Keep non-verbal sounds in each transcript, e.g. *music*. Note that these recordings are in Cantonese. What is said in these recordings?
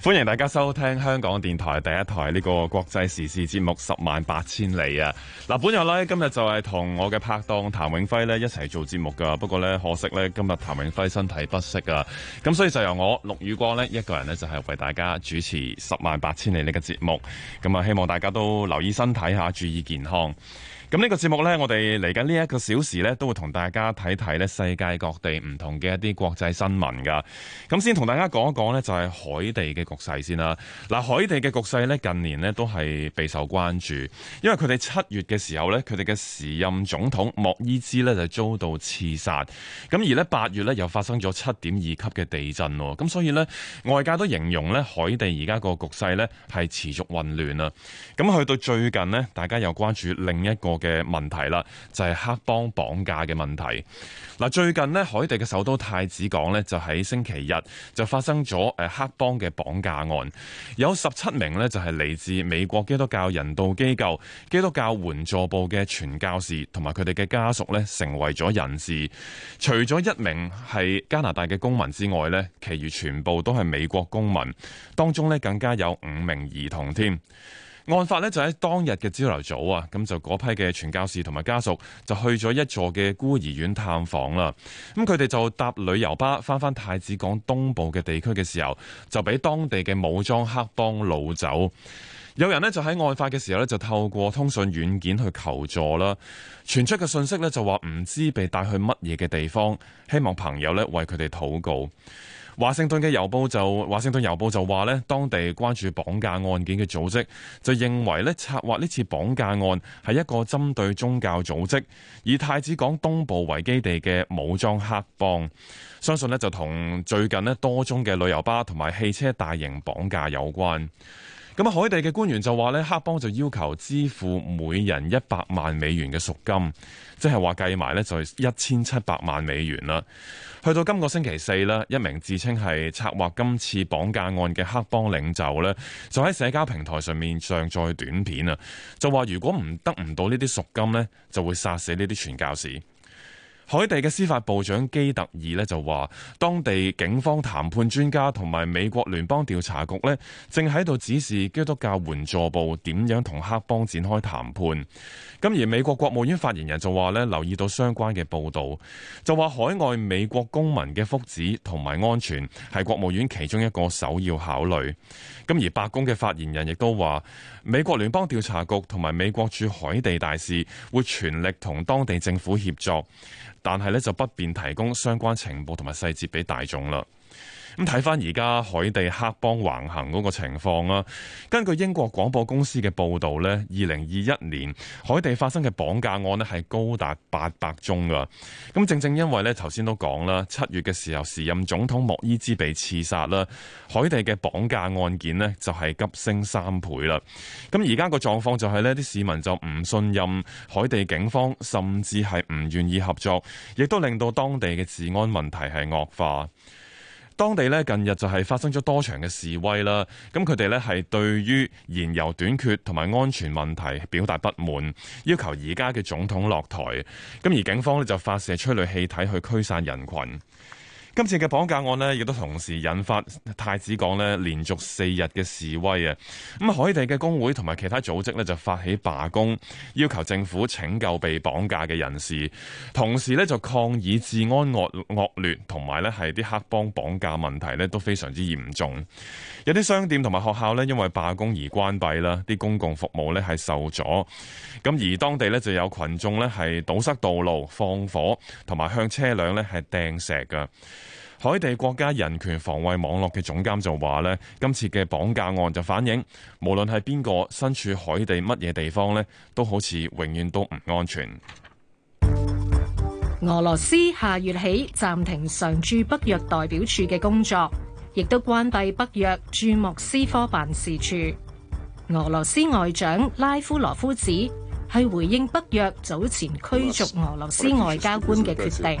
歡迎大家收聽香港電台第一台呢個國際時事節目《十萬八千里》啊！嗱，本日呢，今日就係同我嘅拍檔譚永輝呢一齊做節目噶，不過呢，可惜呢今日譚永輝身體不適啦，咁所以就由我陸宇光呢一個人呢，就係為大家主持《十萬八千里》呢個節目，咁啊希望大家都留意身體吓，注意健康。咁呢個節目呢，我哋嚟緊呢一個小時呢，都會同大家睇睇呢世界各地唔同嘅一啲國際新聞噶。咁先同大家講一講呢，就係海地嘅局勢先啦。嗱，海地嘅局勢呢，近年呢都係備受關注，因為佢哋七月嘅時候呢，佢哋嘅時任總統莫伊茲呢就遭到刺殺。咁而呢，八月呢又發生咗七點二級嘅地震，咁所以呢，外界都形容呢海地而家個局勢呢係持續混亂啊。咁去到最近呢，大家又關注另一個。嘅問題啦，就係黑幫綁架嘅問題。嗱，最近呢，海地嘅首都太子港呢，就喺星期日就發生咗誒黑幫嘅綁架案，有十七名呢，就係嚟自美國基督教人道機構基督教援助部嘅傳教士同埋佢哋嘅家屬呢，成為咗人質。除咗一名係加拿大嘅公民之外呢，其餘全部都係美國公民，當中呢，更加有五名兒童添。案發呢就喺當日嘅朝頭早啊，咁就嗰批嘅傳教士同埋家屬就去咗一座嘅孤兒院探訪啦。咁佢哋就搭旅遊巴翻翻太子港東部嘅地區嘅時候，就俾當地嘅武裝黑幫擄走。有人呢就喺案發嘅時候呢，就透過通訊軟件去求助啦，傳出嘅信息呢，就話唔知被帶去乜嘢嘅地方，希望朋友呢為佢哋禱告。華盛頓嘅郵報就華盛頓郵報就話呢，當地關注綁架案件嘅組織就認為呢，策劃呢次綁架案係一個針對宗教組織以太子港東部為基地嘅武裝黑幫，相信呢就同最近呢多宗嘅旅遊巴同埋汽車大型綁架有關。咁海地嘅官員就話咧，黑幫就要求支付每人一百萬美元嘅贖金，即係話計埋咧就係一千七百萬美元啦。去到今個星期四咧，一名自稱係策劃今次綁架案嘅黑幫領袖咧，就喺社交平台上面上載短片啊，就話如果唔得唔到呢啲贖金咧，就會殺死呢啲傳教士。海地嘅司法部長基特爾呢就話，當地警方談判專家同埋美國聯邦調查局呢正喺度指示基督教援助部點樣同黑幫展開談判。咁而美國國務院發言人就話呢，留意到相關嘅報道，就話海外美國公民嘅福祉同埋安全係國務院其中一個首要考慮。咁而白宮嘅發言人亦都話，美國聯邦調查局同埋美國駐海地大使會全力同當地政府協作。但係咧就不便提供相關情報同埋細節俾大眾啦。咁睇翻而家海地黑幫橫行嗰個情況啦，根據英國廣播公司嘅報道呢，二零二一年海地發生嘅綁架案呢係高達八百宗噶。咁正正因為呢，頭先都講啦，七月嘅時候時任總統莫伊茲被刺殺啦，海地嘅綁架案件呢就係急升三倍啦。咁而家個狀況就係呢，啲市民就唔信任海地警方，甚至係唔願意合作，亦都令到當地嘅治安問題係惡化。當地呢近日就係發生咗多場嘅示威啦，咁佢哋呢係對於燃油短缺同埋安全問題表達不滿，要求而家嘅總統落台，咁而警方呢就發射催淚氣體去驅散人群。今次嘅綁架案呢，亦都同時引發太子港呢連續四日嘅示威啊！咁、嗯、海地嘅工會同埋其他組織呢，就發起罷工，要求政府拯救被綁架嘅人士，同時呢，就抗議治安惡惡劣，同埋呢係啲黑幫綁架問題呢都非常之嚴重。有啲商店同埋學校呢，因為罷工而關閉啦，啲公共服務呢係受阻。咁而當地呢，就有群眾呢係堵塞道路、放火同埋向車輛呢係掟石㗎。海地國家人權防衛網絡嘅總監就話呢，今次嘅綁架案就反映，無論係邊個身處海地乜嘢地方呢都好似永遠都唔安全。俄羅斯下月起暫停常駐北約代表處嘅工作，亦都關閉北約駐莫斯科辦事處。俄羅斯外長拉夫羅夫指係回應北約早前驅逐俄，俄羅斯外交官嘅決定。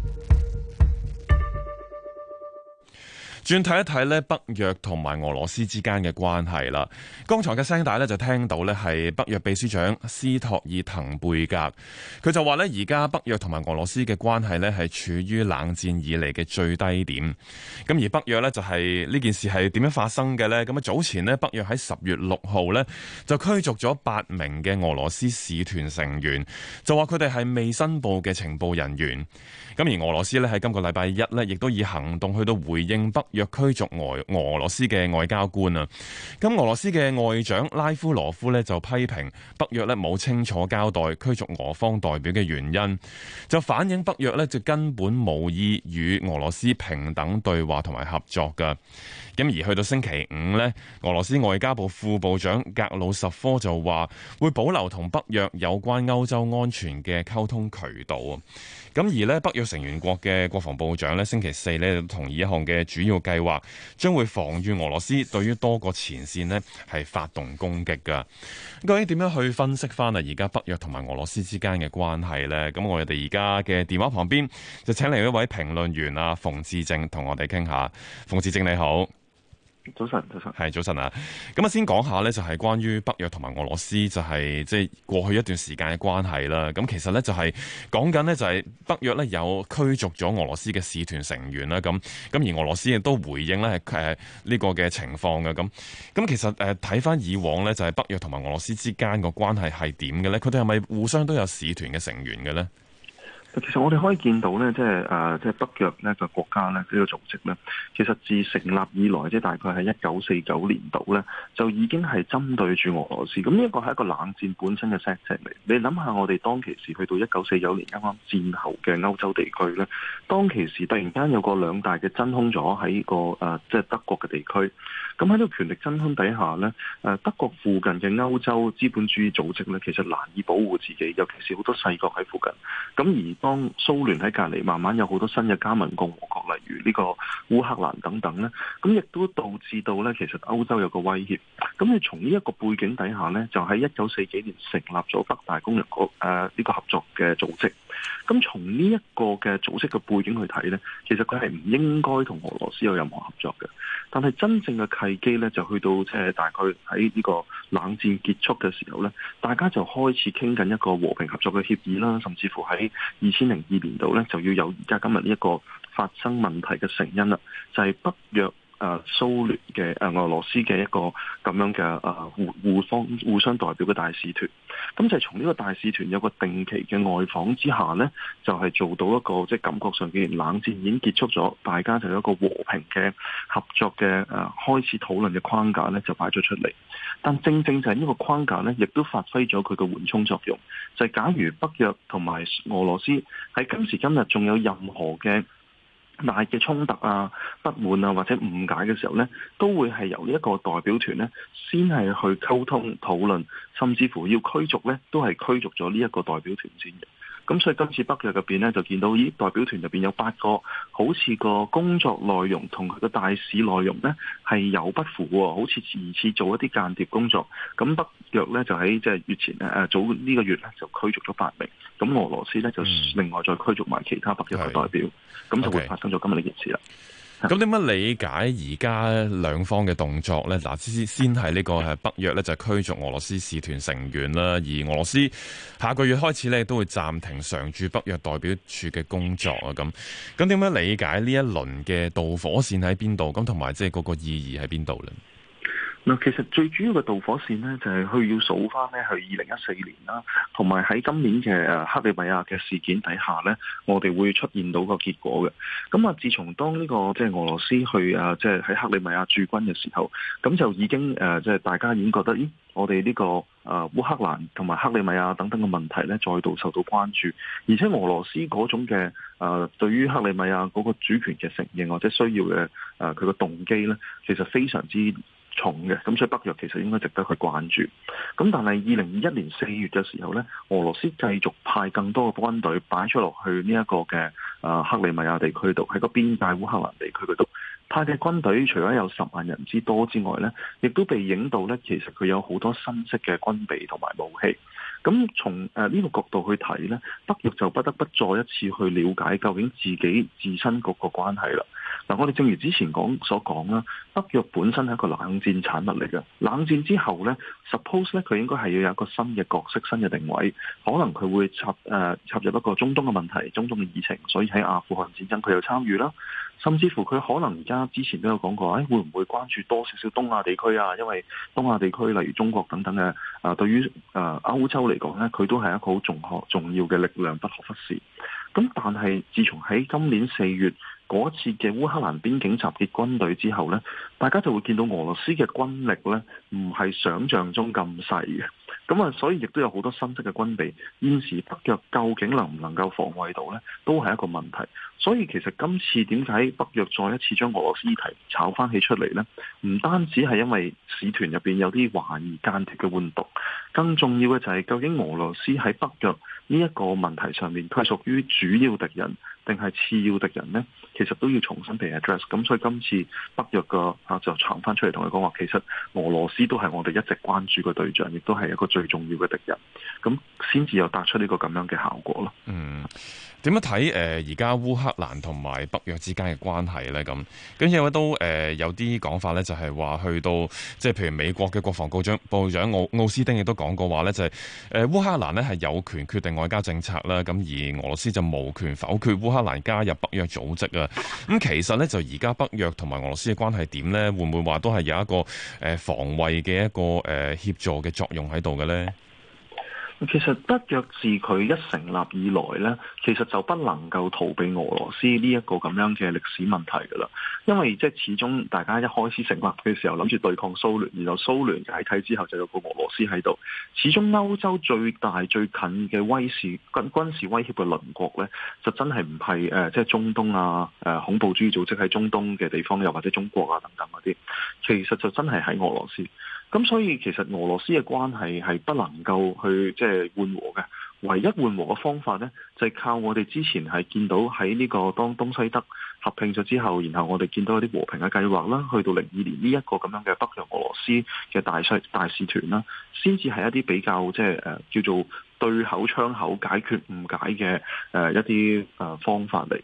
轉睇一睇咧北約同埋俄羅斯之間嘅關係啦。剛才嘅聲帶咧就聽到咧係北約秘書長斯托爾滕貝格，佢就話咧而家北約同埋俄羅斯嘅關係咧係處於冷戰以嚟嘅最低點。咁而北約呢、就係，就係呢件事係點樣發生嘅呢？咁啊早前呢，北約喺十月六號呢就驅逐咗八名嘅俄羅斯使團成員，就話佢哋係未申報嘅情報人員。咁而俄羅斯呢，喺今個禮拜一呢，亦都以行動去到回應北。約驅逐俄俄羅斯嘅外交官啊。咁俄羅斯嘅外長拉夫羅夫呢，就批評北約呢冇清楚交代驅逐俄方代表嘅原因，就反映北約呢就根本無意與俄羅斯平等對話同埋合作噶。咁而去到星期五呢，俄羅斯外交部副部長格魯什科就話會保留同北約有關歐洲安全嘅溝通渠道。咁而咧北約成員國嘅國防部長咧星期四咧就同意一項嘅主要計劃，將會防禦俄羅斯對於多個前線咧係發動攻擊噶。咁究竟點樣去分析翻啊？而家北約同埋俄羅斯之間嘅關係咧？咁我哋而家嘅電話旁邊就請嚟一位評論員啊，馮智政同我哋傾下。馮智政你好。早晨，早晨係早晨啊！咁啊，先講下呢，就係關於北約同埋俄羅斯就係即係過去一段時間嘅關係啦。咁其實呢、就是，就係講緊呢，就係北約呢有驅逐咗俄羅斯嘅使團成員啦。咁咁而俄羅斯亦都回應、呃這個呃、回係，呢係誒呢個嘅情況嘅。咁咁其實誒睇翻以往呢，就係北約同埋俄羅斯之間個關係係點嘅呢？佢哋係咪互相都有使團嘅成員嘅呢？其實我哋可以見到咧，即係誒、呃，即係北約呢個國家咧呢、這個組織咧，其實自成立以來，即係大概係一九四九年度咧，就已經係針對住俄羅斯。咁呢一個係一個冷戰本身嘅 setting 嚟。你諗下，我哋當其時去到一九四九年啱啱戰後嘅歐洲地區咧，當其時突然間有個兩大嘅真空咗喺個誒，即、呃、係、就是、德國嘅地區。咁喺呢個權力真空底下咧，誒、呃，德國附近嘅歐洲資本主義組織咧，其實難以保護自己，尤其是好多細國喺附近。咁而當蘇聯喺隔籬，慢慢有好多新嘅加盟共和國，例如呢個烏克蘭等等呢咁亦都導致到呢其實歐洲有個威脅。咁你從呢一個背景底下呢，就喺一九四幾年成立咗北大西洋公約呢個合作嘅組織。咁從呢一個嘅組織嘅背景去睇呢，其實佢係唔應該同俄羅斯有任何合作嘅。但係真正嘅契機呢，就去到即係大概喺呢個冷戰結束嘅時候呢，大家就開始傾緊一個和平合作嘅協議啦，甚至乎喺二千零二年度呢，就要有而家今日呢一個發生問題嘅成因啦，就係北約。啊、呃！蘇聯嘅誒、呃、俄羅斯嘅一個咁樣嘅啊、呃、互互相互相代表嘅大使團，咁就係從呢個大使團有個定期嘅外訪之下呢就係、是、做到一個即係、就是、感覺上嘅冷戰已經結束咗，大家就有一個和平嘅合作嘅誒、呃、開始討論嘅框架呢就擺咗出嚟。但正正就係呢個框架呢亦都發揮咗佢嘅緩衝作用。就係、是、假如北約同埋俄羅斯喺今時今日仲有任何嘅大嘅衝突啊、不滿啊或者誤解嘅時候呢，都會係由呢一個代表團呢先係去溝通討論，甚至乎要驅逐呢，都係驅逐咗呢一個代表團先嘅。 *music* 咁所以今次北約入邊咧，就見到咦，代表團入邊有八個，好似個工作內容同佢嘅大使內容咧係有不符喎，好似疑似做一啲間諜工作。咁北約咧就喺即係月前誒、呃、早呢個月咧就驅逐咗八名，咁俄羅斯咧就另外再驅逐埋其他北約嘅代表，咁是就會發生咗今日呢件事啦。Okay. 咁點樣理解而家兩方嘅動作呢？嗱，先先係呢個係北約呢，就驅逐俄羅斯使團成員啦，而俄羅斯下個月開始呢，都會暫停常駐北約代表處嘅工作啊！咁，咁點樣理解呢一輪嘅導火線喺邊度？咁同埋即係嗰個意義喺邊度呢？嗱，其實最主要嘅導火線呢，就係、是、佢要數翻咧，去二零一四年啦，同埋喺今年嘅誒克里米亞嘅事件底下呢，我哋會出現到個結果嘅。咁、這個就是、啊，自從當呢個即係俄羅斯去啊，即係喺克里米亞駐軍嘅時候，咁就已經誒，即、啊、係、就是、大家已經覺得，咦，我哋呢、這個誒烏、啊、克蘭同埋克里米亞等等嘅問題呢，再度受到關注。而且俄羅斯嗰種嘅誒、啊，對於克里米亞嗰個主權嘅承認或者需要嘅誒，佢、啊、個動機呢，其實非常之。重嘅，咁所以北約其實應該值得佢關注。咁但係二零二一年四月嘅時候呢，俄羅斯繼續派更多嘅軍隊擺出落去呢一個嘅誒、啊、克里米亞地區度，喺個邊界烏克蘭地區嗰度派嘅軍隊，除咗有十萬人之多之外呢，亦都被影到呢。其實佢有好多新式嘅軍備同埋武器。咁從誒呢個角度去睇呢，北約就不得不再一次去了解究竟自己自身嗰個關係啦。嗱，我哋正如之前講所講啦，北約本身係一個冷戰產物嚟嘅。冷戰之後呢 suppose 呢，佢應該係要有一個新嘅角色、新嘅定位，可能佢會插誒、呃、插入一個中東嘅問題、中東嘅議程，所以喺阿富汗戰爭佢有參與啦。甚至乎佢可能而家之前都有講過，誒、哎、會唔會關注多少少東亞地區啊？因為東亞地區例如中國等等嘅啊、呃，對於啊、呃、歐洲嚟講呢，佢都係一個好重要重要嘅力量，不可忽視。咁但係自從喺今年四月，嗰次嘅烏克蘭邊境襲擊軍隊之後呢，大家就會見到俄羅斯嘅軍力呢唔係想像中咁細嘅。咁啊，所以亦都有好多新式嘅軍備。現時北約究竟能唔能夠防衞到呢，都係一個問題。所以其實今次點解北約再一次將俄羅斯議題炒翻起出嚟呢？唔單止係因為使團入邊有啲懷疑間諜嘅活動，更重要嘅就係究竟俄羅斯喺北約。呢一個問題上面，佢係屬於主要敵人定係次要敵人呢？其實都要重新被 address。咁所以今次北約個啊，就闖翻出嚟，同佢講話其實俄羅斯都係我哋一直關注嘅對象，亦都係一個最重要嘅敵人。咁先至有達出呢個咁樣嘅效果咯。嗯，點樣睇誒？而家烏克蘭同埋北約之間嘅關係呢？咁跟住都誒有啲講法呢，就係話去到即係譬如美國嘅國防部長部長奧奧斯丁亦都講過話呢，就係誒烏克蘭呢係有權決定外交政策啦，咁而俄羅斯就無權否決烏克蘭加入北約組織啊。咁其實咧，就而家北約同埋俄羅斯嘅關係點咧，會唔會話都係有一個誒防衛嘅一個誒協助嘅作用喺度嘅咧？其實北約自佢一成立以來呢，其實就不能夠逃避俄羅斯呢一個咁樣嘅歷史問題噶啦。因為即係始終大家一開始成立嘅時候諗住對抗蘇聯，然後蘇聯解體之後就有個俄羅斯喺度。始終歐洲最大、最近嘅威勢軍軍事威脅嘅鄰國呢，就真係唔係誒，即係中東啊，誒、呃，恐怖主義組織喺中東嘅地方又或者中國啊等等嗰啲，其實就真係喺俄羅斯。咁所以其實俄羅斯嘅關係係不能夠去即係緩和嘅，唯一緩和嘅方法呢，就係靠我哋之前係見到喺呢個當東西德合併咗之後，然後我哋見到一啲和平嘅計劃啦，去到零二年呢一個咁樣嘅北約俄羅斯嘅大使大使團啦，先至係一啲比較即係誒叫做對口窗口解決誤解嘅誒一啲誒方法嚟。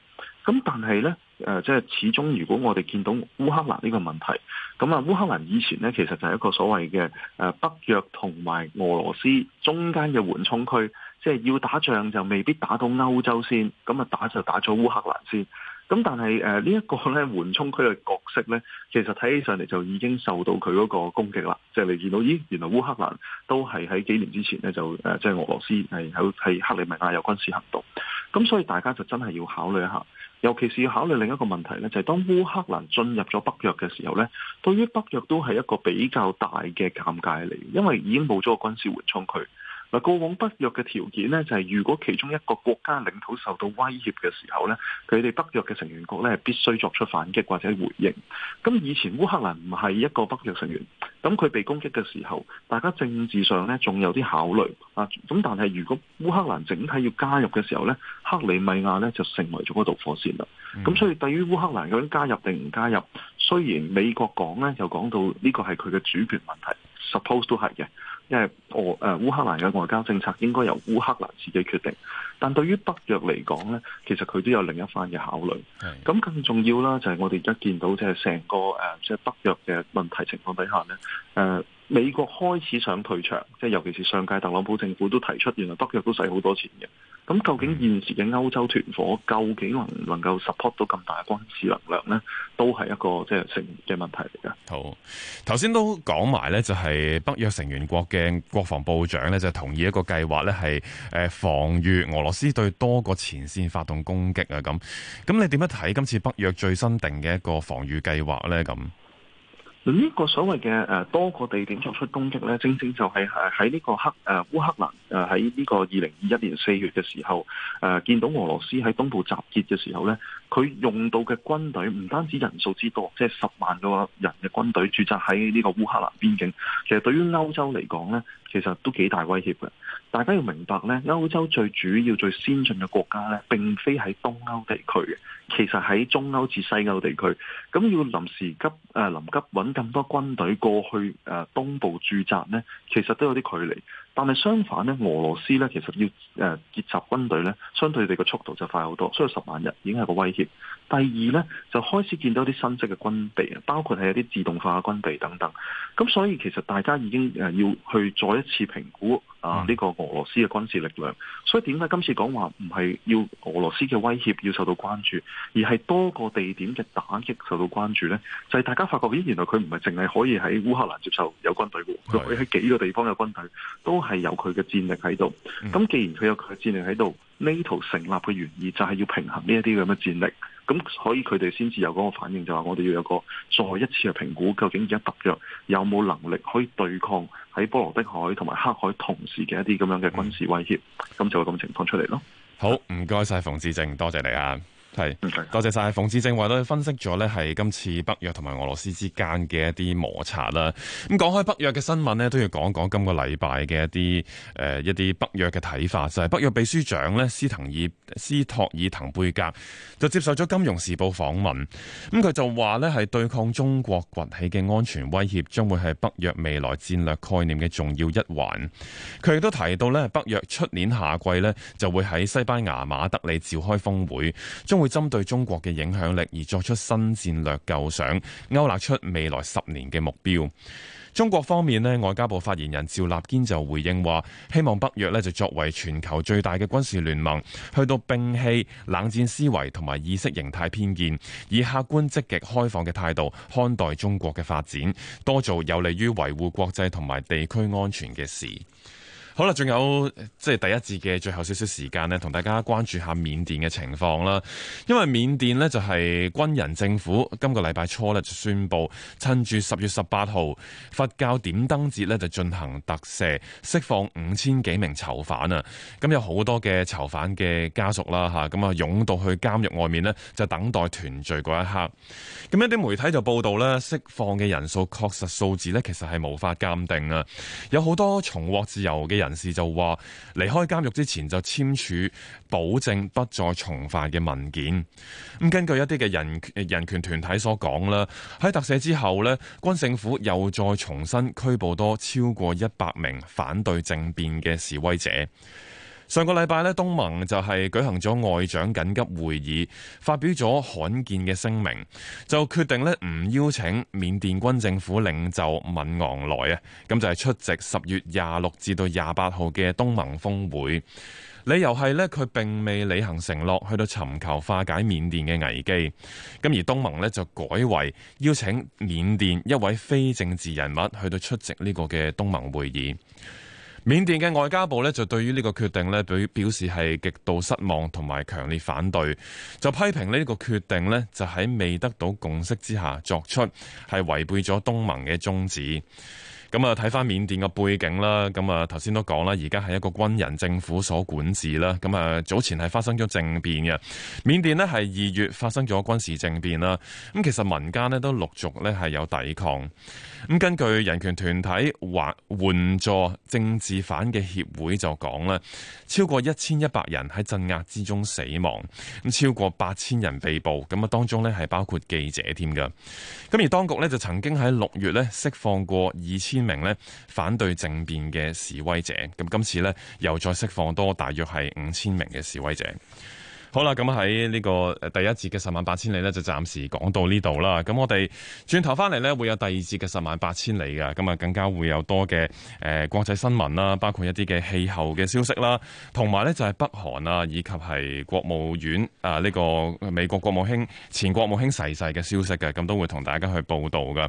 咁但係呢，誒即係始終，如果我哋見到烏克蘭呢個問題，咁啊烏克蘭以前呢，其實就係一個所謂嘅誒北約同埋俄羅斯中間嘅緩衝區，即係要打仗就未必打到歐洲先，咁、嗯、啊打就打咗烏克蘭先。咁但係誒呢一個呢緩衝區嘅角色呢，其實睇起上嚟就已經受到佢嗰個攻擊啦，即係你見到咦原來烏克蘭都係喺幾年之前呢，就誒、呃、即係俄羅斯係喺喺克里米亞有軍事行動，咁、嗯、所以大家就真係要考慮一下。尤其是要考慮另一個問題咧，就係當烏克蘭進入咗北約嘅時候咧，對於北約都係一個比較大嘅尷尬嚟，因為已經冇咗個軍事緩衝區。嗱，過往北約嘅條件咧，就係、是、如果其中一個國家領土受到威脅嘅時候咧，佢哋北約嘅成員國咧係必須作出反擊或者回應。咁以前烏克蘭唔係一個北約成員，咁佢被攻擊嘅時候，大家政治上咧仲有啲考慮啊。咁但係如果烏克蘭整體要加入嘅時候咧，克里米亞咧就成為咗個導火線啦。咁、嗯、所以對於烏克蘭究竟加入定唔加入，雖然美國講咧就講到呢個係佢嘅主權問題 s u p p o s e 都係嘅。因為俄、誒、呃、烏克蘭嘅外交政策應該由烏克蘭自己決定，但對於北約嚟講咧，其實佢都有另一番嘅考慮。咁更重要啦，就係我哋而家見到即係成個誒即係北約嘅問題情況底下咧，誒、呃。美國開始想退場，即係尤其是上屆特朗普政府都提出，原來北約都使好多錢嘅。咁究竟現時嘅歐洲團伙究竟能唔能夠 support 到咁大嘅軍事能量呢？都係一個即係成嘅問題嚟㗎。好，頭先都講埋呢，就係北約成員國嘅國防部長呢，就同意一個計劃呢係誒防禦俄羅斯對多個前線發動攻擊啊。咁，咁你點樣睇今次北約最新定嘅一個防禦計劃呢？咁？呢個所謂嘅誒多個地點作出攻擊呢，正正就係喺呢個黑誒烏克蘭誒喺呢個二零二一年四月嘅時候，誒、呃、見到俄羅斯喺東部集結嘅時候呢，佢用到嘅軍隊唔單止人數之多，即係十萬個人嘅軍隊駐紮喺呢個烏克蘭邊境，其實對於歐洲嚟講呢，其實都幾大威脅嘅。大家要明白呢，歐洲最主要最先進嘅國家呢，並非喺東歐地區嘅，其實喺中歐至西歐地區。咁要臨時急誒臨、呃、急揾。咁多軍隊過去誒東部駐紮咧，其實都有啲距離。但係相反咧，俄羅斯咧其實要誒、呃、結集軍隊咧，相對地個速度就快好多，所以十萬人已經係個威脅。第二咧，就開始見到啲新式嘅軍備啊，包括係有啲自動化嘅軍備等等。咁所以其實大家已經誒要去再一次評估啊呢、呢個俄羅斯嘅軍事力量。所以點解今次講話唔係要俄羅斯嘅威脅要受到關注，而係多個地點嘅打擊受到關注咧？就係、係、大家發覺咦，原來佢唔係淨係可以喺烏克蘭接受有軍隊嘅，佢可以喺幾個地方有軍隊都。係有佢嘅戰力喺度，咁既然佢有佢嘅戰力喺度，NATO 成立嘅原意就係要平衡呢一啲咁嘅戰力，咁所以佢哋先至有嗰個反應，就話我哋要有個再一次嘅評估，究竟而家北約有冇能力可以對抗喺波羅的海同埋黑海同時嘅一啲咁樣嘅軍事威脅？咁、嗯、就會咁情況出嚟咯。好，唔該晒馮智政，多謝你啊。係，多謝晒馮智政話咧，分析咗呢係今次北約同埋俄羅斯之間嘅一啲摩擦啦。咁講開北約嘅新聞呢，都要講講今個禮拜嘅一啲誒、呃、一啲北約嘅睇法，就係、是、北約秘書長咧斯托爾斯托爾滕貝格就接受咗《金融時報》訪問，咁佢就話呢係對抗中國崛起嘅安全威脅，將會係北約未來戰略概念嘅重要一環。佢亦都提到呢，北約出年夏季呢就會喺西班牙馬德里召開峰會，將會。針對中國嘅影響力而作出新戰略構想，勾勒出未來十年嘅目標。中國方面呢，外交部發言人趙立堅就回應話，希望北約呢就作為全球最大嘅軍事聯盟，去到摒棄冷戰思維同埋意識形態偏見，以客觀、積極、開放嘅態度看待中國嘅發展，多做有利於維護國際同埋地區安全嘅事。好啦，仲有即係第一節嘅最後少少時間咧，同大家關注下緬甸嘅情況啦。因為緬甸咧就係軍人政府，今個禮拜初咧就宣佈，趁住十月十八號佛教點燈節咧，就進行特赦，釋放五千幾名囚犯啊！咁有好多嘅囚犯嘅家屬啦，吓咁啊，湧到去監獄外面咧，就等待團聚嗰一刻。咁一啲媒體就報道咧，釋放嘅人數確實數字咧，其實係無法鑑定啊！有好多重獲自由嘅人。人士就話，離開監獄之前就簽署保證不再重犯嘅文件。咁根據一啲嘅人人權團體所講啦，喺特赦之後呢，軍政府又再重新拘捕多超過一百名反對政變嘅示威者。上個禮拜咧，東盟就係舉行咗外長緊急會議，發表咗罕見嘅聲明，就決定咧唔邀請緬甸軍政府領袖敏昂萊啊，咁就係出席十月廿六至到廿八號嘅東盟峰會。理由係咧，佢並未履行承諾，去到尋求化解緬甸嘅危機。咁而東盟咧就改為邀請緬甸一位非政治人物去到出席呢個嘅東盟會議。緬甸嘅外交部呢就對於呢個決定呢，表表示係極度失望同埋強烈反對，就批評呢個決定呢就喺未得到共識之下作出，係違背咗東盟嘅宗旨。咁啊，睇翻緬甸嘅背景啦，咁啊，頭先都講啦，而家係一個軍人政府所管治啦，咁啊，早前係發生咗政變嘅，緬甸咧係二月發生咗軍事政變啦，咁其實民間咧都陸續咧係有抵抗，咁根據人權團體援援助政治犯嘅協會就講啦，超過一千一百人喺鎮壓之中死亡，咁超過八千人被捕，咁啊當中咧係包括記者添噶，咁而當局咧就曾經喺六月咧釋放過二千。千名呢，反對政變嘅示威者，咁今次呢又再釋放多大約係五千名嘅示威者。好啦，咁喺呢個第一節嘅十萬八千里呢，就暫時講到呢度啦。咁我哋轉頭翻嚟呢，會有第二節嘅十萬八千里嘅，咁啊更加會有多嘅誒、呃、國際新聞啦，包括一啲嘅氣候嘅消息啦，同埋呢，就係、是、北韓啊，以及係國務院啊呢、這個美國國務卿前國務卿逝世嘅消息嘅，咁都會同大家去報道噶。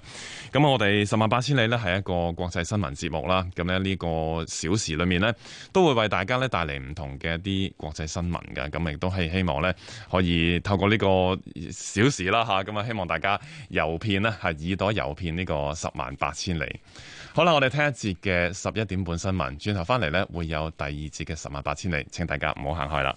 咁我哋十萬八千里呢，係一個國際新聞節目啦。咁呢，呢個小時裏面呢，都會為大家呢，帶嚟唔同嘅一啲國際新聞嘅，咁亦都係。希望咧，可以透過呢個小時啦，吓，咁啊希望大家遊遍啦，係耳朵遊遍呢個十萬八千里。好啦，我哋聽一節嘅十一點半新聞，轉頭翻嚟咧，會有第二節嘅十萬八千里，請大家唔好行開啦。